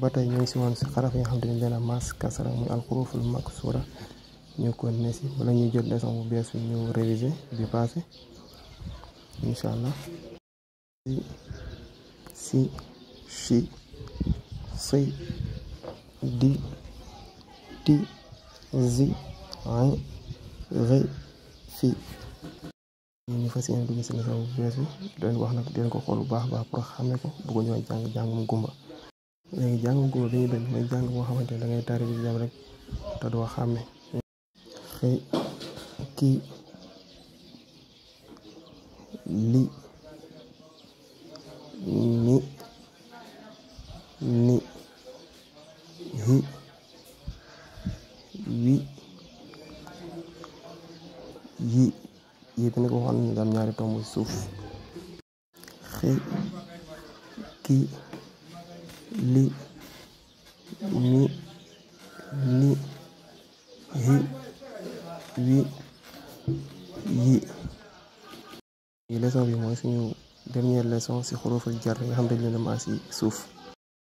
ba tey ñu ngi si woon si xaraf yi nga xam te ni benn mas kasara muy alxuruful maksura ñu continuer si wala ñuy jot leçon bu bees bi ñu réviser bi passé incha allah si si chi si di ti zi ay ré ñu fas yéene dugg si leçon bu bees bi doon wax na di ko xool bu baax baax pour xamee ko bëgg ñëw a jàng mu gumba léegi jàng góor dañuy benn mooy jàng boo xamante ne dangay tari bi jam rek te doo xàmme xëy kii li ni ni hi wi yi yi bi nag waxoon nañu daam ñaari tomb suuf xëy kii li mi ni hi wi yi leçon bi mooy suñu dernière leçon ci xuruful jar yi nga xam dañ leen a maas ci suuf